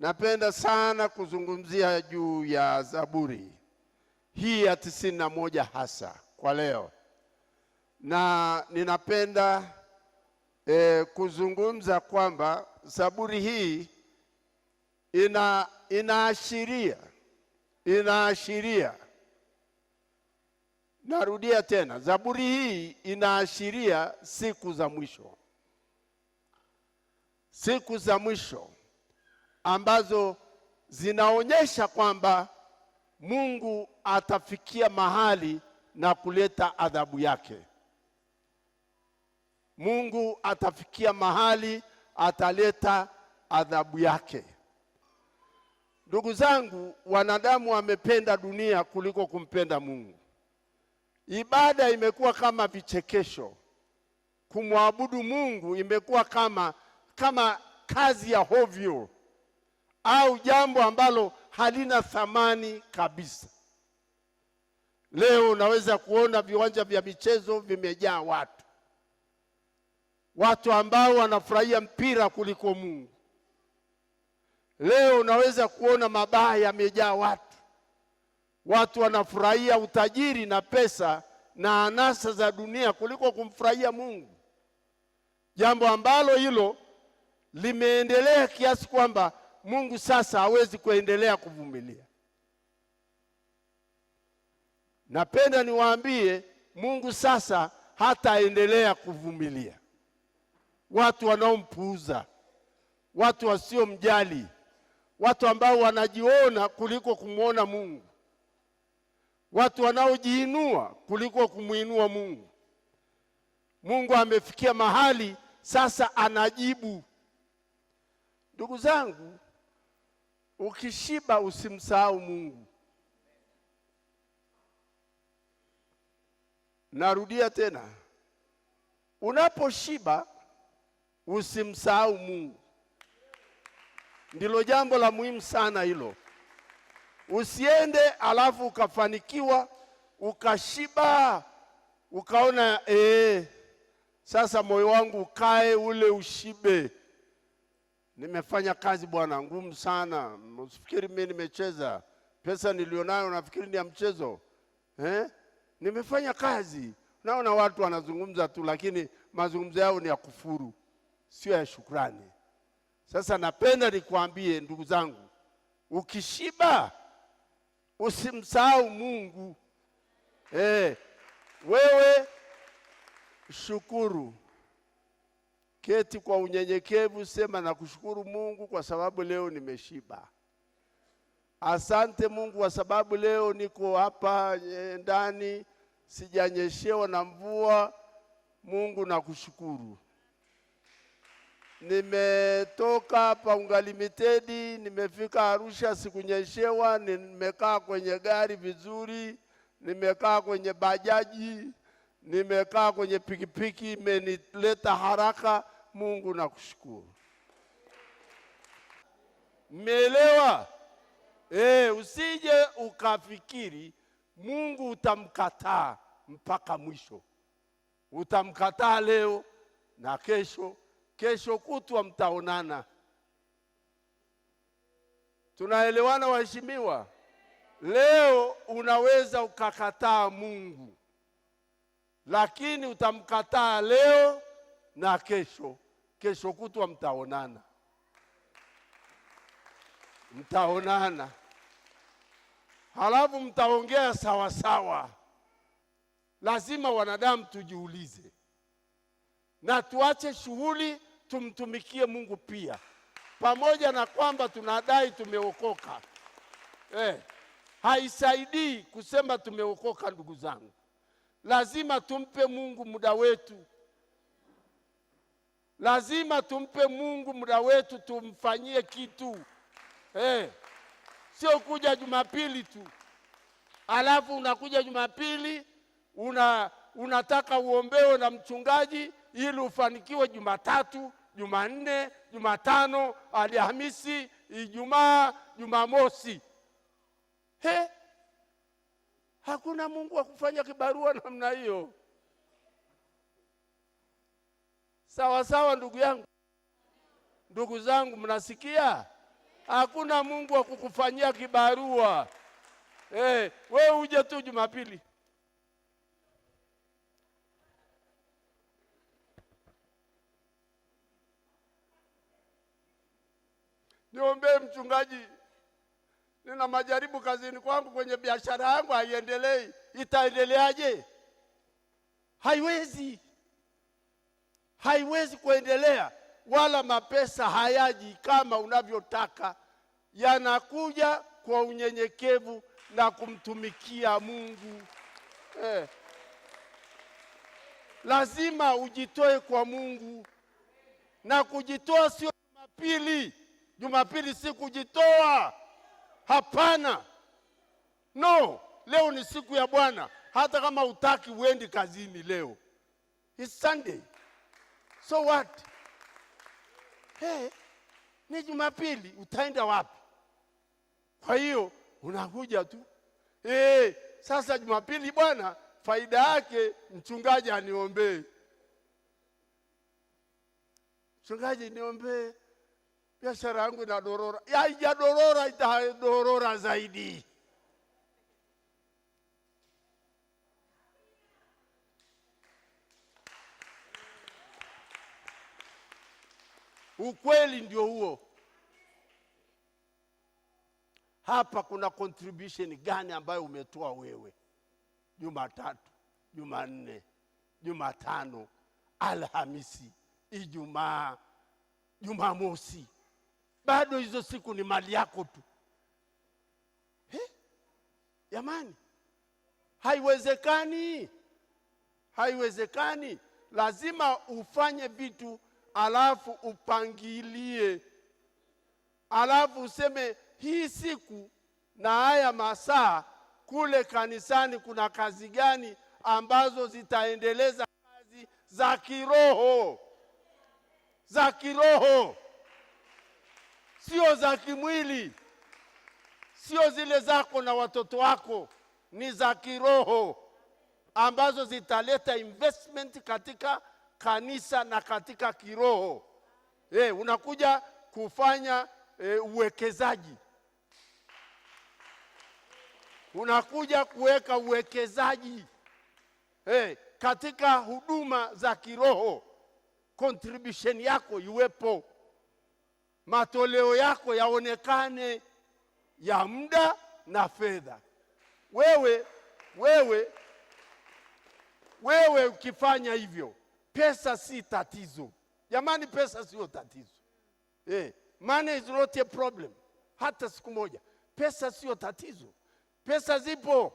Napenda sana kuzungumzia juu ya Zaburi hii ya tisini na moja hasa kwa leo, na ninapenda e, kuzungumza kwamba Zaburi hii ina inaashiria inaashiria, narudia tena, Zaburi hii inaashiria siku za mwisho, siku za mwisho ambazo zinaonyesha kwamba Mungu atafikia mahali na kuleta adhabu yake. Mungu atafikia mahali ataleta adhabu yake. Ndugu zangu, wanadamu wamependa dunia kuliko kumpenda Mungu. Ibada imekuwa kama vichekesho, kumwabudu Mungu imekuwa kama kama kazi ya hovyo au jambo ambalo halina thamani kabisa. Leo unaweza kuona viwanja vya michezo vimejaa watu, watu ambao wanafurahia mpira kuliko Mungu. Leo unaweza kuona mabaa yamejaa watu, watu wanafurahia utajiri na pesa na anasa za dunia kuliko kumfurahia Mungu, jambo ambalo hilo limeendelea kiasi kwamba Mungu sasa hawezi kuendelea kuvumilia. Napenda niwaambie, Mungu sasa hataendelea kuvumilia watu wanaompuuza, watu wasiomjali, watu ambao wanajiona kuliko kumwona Mungu, watu wanaojiinua kuliko kumwinua Mungu. Mungu amefikia mahali sasa anajibu. Ndugu zangu, Ukishiba usimsahau Mungu. Narudia tena, unaposhiba usimsahau Mungu. Ndilo jambo la muhimu sana hilo. Usiende alafu ukafanikiwa ukashiba ukaona ee, sasa moyo wangu ukae ule ushibe nimefanya kazi bwana ngumu sana, msifikiri mimi nimecheza. Pesa nilionayo nafikiri ni ya mchezo eh? Nimefanya kazi. Naona watu wanazungumza tu, lakini mazungumzo yao ni ya kufuru, sio ya shukrani. Sasa napenda nikwambie ndugu zangu, ukishiba usimsahau Mungu eh, wewe shukuru. Keti kwa unyenyekevu, sema na kushukuru Mungu kwa sababu leo nimeshiba. Asante Mungu kwa sababu leo niko hapa ndani, sijanyeshewa na mvua. Mungu nakushukuru. Nimetoka hapa Ungalimited, nimefika Arusha, sikunyeshewa. Nimekaa kwenye gari vizuri, nimekaa kwenye bajaji nimekaa kwenye pikipiki imenileta haraka. Mungu nakushukuru. Mmeelewa? E, usije ukafikiri Mungu utamkataa mpaka mwisho. Utamkataa leo na kesho, kesho kutwa mtaonana. Tunaelewana waheshimiwa? Leo unaweza ukakataa Mungu lakini utamkataa leo na kesho, kesho kutwa mtaonana, mtaonana, halafu mtaongea sawa sawa. Lazima wanadamu tujiulize na tuache shughuli, tumtumikie Mungu pia, pamoja na kwamba tunadai tumeokoka. Eh, haisaidii kusema tumeokoka, ndugu zangu lazima tumpe Mungu muda wetu, lazima tumpe Mungu muda wetu, tumfanyie kitu hey. Eh, sio kuja Jumapili tu alafu unakuja Jumapili una unataka uombewe na mchungaji ili ufanikiwe Jumatatu, Jumanne, Jumatano, Alhamisi, Ijumaa, Jumamosi. He? Eh, Hakuna Mungu wa kufanya kibarua namna hiyo. Sawa sawa, ndugu yangu, ndugu zangu, mnasikia? Hakuna Mungu wa kukufanyia kibarua. Hey, eh, we uje tu Jumapili. Niombee mchungaji nina majaribu kazini kwangu, kwenye biashara yangu haiendelei, itaendeleaje? Haiwezi, haiwezi kuendelea, wala mapesa hayaji kama unavyotaka. Yanakuja kwa unyenyekevu na kumtumikia Mungu eh. Lazima ujitoe kwa Mungu, na kujitoa sio Jumapili. Jumapili si kujitoa Hapana, no. Leo ni siku ya Bwana, hata kama utaki uendi kazini leo. It's Sunday. So what? Hey, ni Jumapili, utaenda wapi? Kwa hiyo unakuja tu hey. Sasa Jumapili bwana, faida yake mchungaji aniombee, mchungaji niombee biashara yangu inadorora. Haijadorora, itadorora zaidi. Ukweli ndio huo. Hapa kuna contribution gani ambayo umetoa wewe? Jumatatu, Jumanne, Jumatano, Alhamisi, Ijumaa, Jumamosi bado hizo siku ni mali yako tu. Eh? Jamani, haiwezekani, haiwezekani. Lazima ufanye vitu alafu upangilie, alafu useme hii siku na haya masaa kule kanisani kuna kazi gani ambazo zitaendeleza kazi za kiroho za kiroho sio za kimwili, sio zile zako na watoto wako, ni za kiroho ambazo zitaleta investment katika kanisa na katika kiroho. Hey, eh, unakuja kufanya e, uwekezaji unakuja kuweka uwekezaji hey, eh, katika huduma za kiroho, contribution yako iwepo matoleo yako yaonekane ya muda na fedha. Wewe wewe wewe ukifanya hivyo, pesa si tatizo jamani, pesa sio tatizo eh, money is not a problem hata siku moja. Pesa sio tatizo, pesa zipo,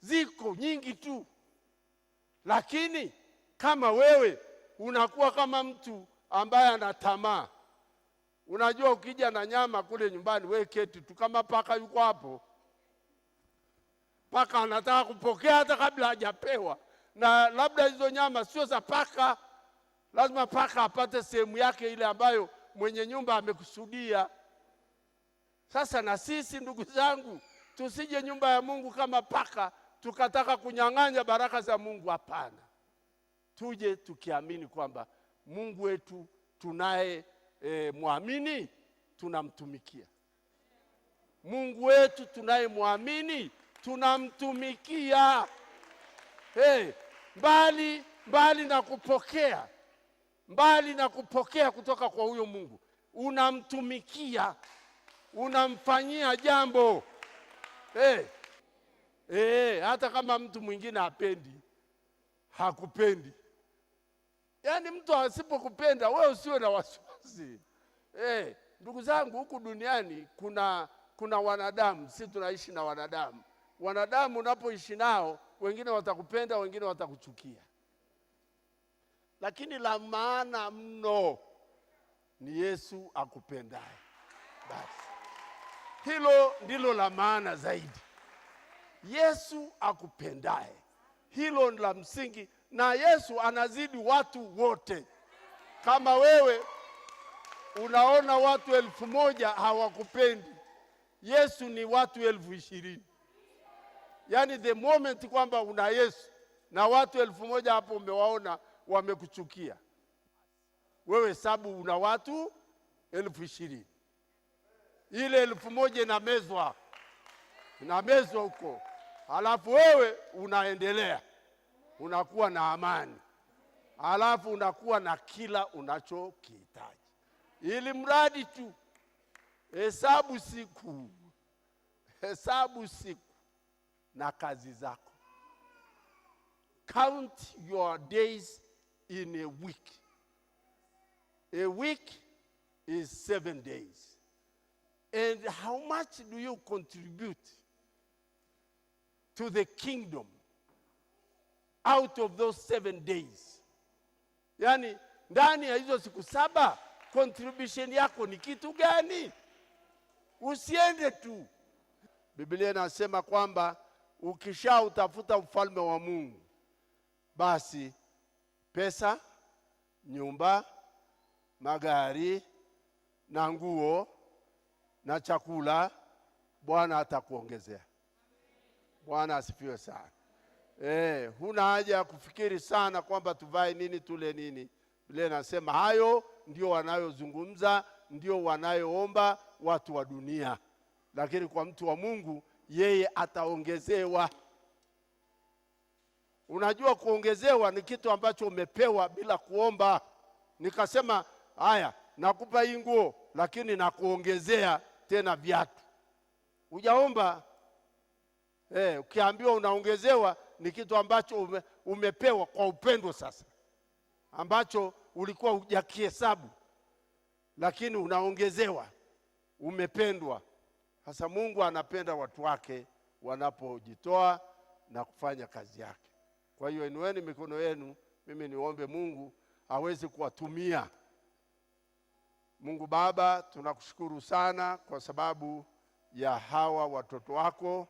ziko nyingi tu, lakini kama wewe unakuwa kama mtu ambaye ana tamaa Unajua, ukija na nyama kule nyumbani, we keti tu, kama paka yuko hapo. Paka anataka kupokea hata kabla hajapewa, na labda hizo nyama sio za paka. Lazima paka apate sehemu yake ile ambayo mwenye nyumba amekusudia. Sasa na sisi ndugu zangu, tusije nyumba ya Mungu kama paka, tukataka kunyang'anya baraka za Mungu. Hapana, tuje tukiamini kwamba Mungu wetu tunaye e, mwamini tunamtumikia Mungu wetu tunayemwamini tunamtumikia. Hey, mbali mbali na kupokea, mbali na kupokea kutoka kwa huyo Mungu, unamtumikia, unamfanyia jambo hey. Hey, hata kama mtu mwingine apendi hakupendi, yaani mtu asipokupenda wewe usiwe na wasiwasi kazi. eh, ndugu zangu, huku duniani kuna, kuna wanadamu. Sisi tunaishi na wanadamu. Wanadamu unapoishi nao, wengine watakupenda, wengine watakuchukia, lakini la maana mno ni Yesu akupendaye. Basi hilo ndilo la maana zaidi, Yesu akupendaye. Hilo ni la msingi, na Yesu anazidi watu wote. Kama wewe unaona watu elfu moja hawakupendi. Yesu ni watu elfu ishirini. Yaani the moment kwamba una Yesu na watu elfu moja hapo umewaona wamekuchukia wewe, sabu una watu elfu ishirini. Ile elfu moja inamezwa inamezwa huko, halafu wewe unaendelea unakuwa na amani, halafu unakuwa na kila unachokihitaji. ili mradi tu hesabu siku, hesabu siku na kazi zako. Count your days in a week. A week is seven days. And how much do you contribute to the kingdom out of those seven days? Yani, ndani ya hizo siku saba contribution yako ni kitu gani? Usiende tu. Biblia inasema kwamba utafuta ufalme wa Mungu, basi pesa, nyumba, magari na nguo na chakula Bwana atakuongezea. Bwana asifiwe sana. Eh, huna haja ya kufikiri sana kwamba tuvae nini, tule nini. Biblia inasema hayo ndio wanayozungumza, ndio wanayoomba watu wa dunia, lakini kwa mtu wa Mungu yeye ataongezewa. Unajua, kuongezewa ni kitu ambacho umepewa bila kuomba. Nikasema haya, nakupa hii nguo, lakini nakuongezea tena viatu, hujaomba. Eh, ukiambiwa unaongezewa ni kitu ambacho ume, umepewa kwa upendo sasa ambacho ulikuwa hujakihesabu, lakini unaongezewa, umependwa. Sasa Mungu anapenda watu wake wanapojitoa na kufanya kazi yake. Kwa hiyo inueni mikono yenu, mimi niombe Mungu aweze kuwatumia. Mungu Baba, tunakushukuru sana kwa sababu ya hawa watoto wako.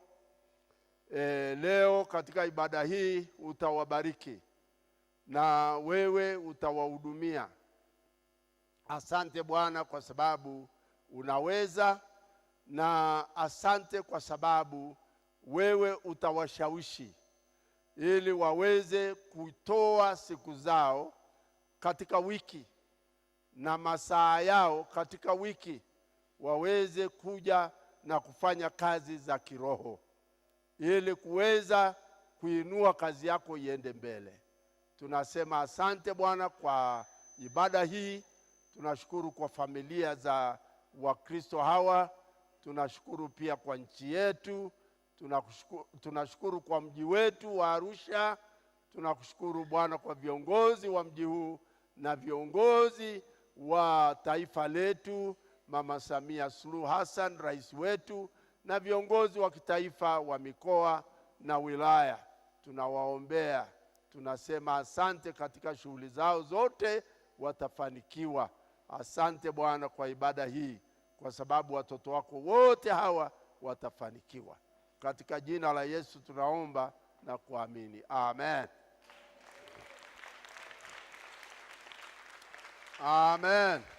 E, leo katika ibada hii utawabariki na wewe utawahudumia. Asante Bwana kwa sababu unaweza, na asante kwa sababu wewe utawashawishi ili waweze kutoa siku zao katika wiki na masaa yao katika wiki, waweze kuja na kufanya kazi za kiroho ili kuweza kuinua kazi yako iende mbele. Tunasema asante Bwana kwa ibada hii. Tunashukuru kwa familia za Wakristo hawa, tunashukuru pia kwa nchi yetu, tunashukuru, tunashukuru kwa mji wetu wa Arusha. Tunakushukuru Bwana kwa viongozi wa mji huu na viongozi wa taifa letu, Mama Samia Suluhu Hassan, rais wetu, na viongozi wa kitaifa wa mikoa na wilaya. Tunawaombea tunasema asante katika shughuli zao zote watafanikiwa. Asante Bwana kwa ibada hii, kwa sababu watoto wako wote hawa watafanikiwa. Katika jina la Yesu tunaomba na kuamini, amen, amen.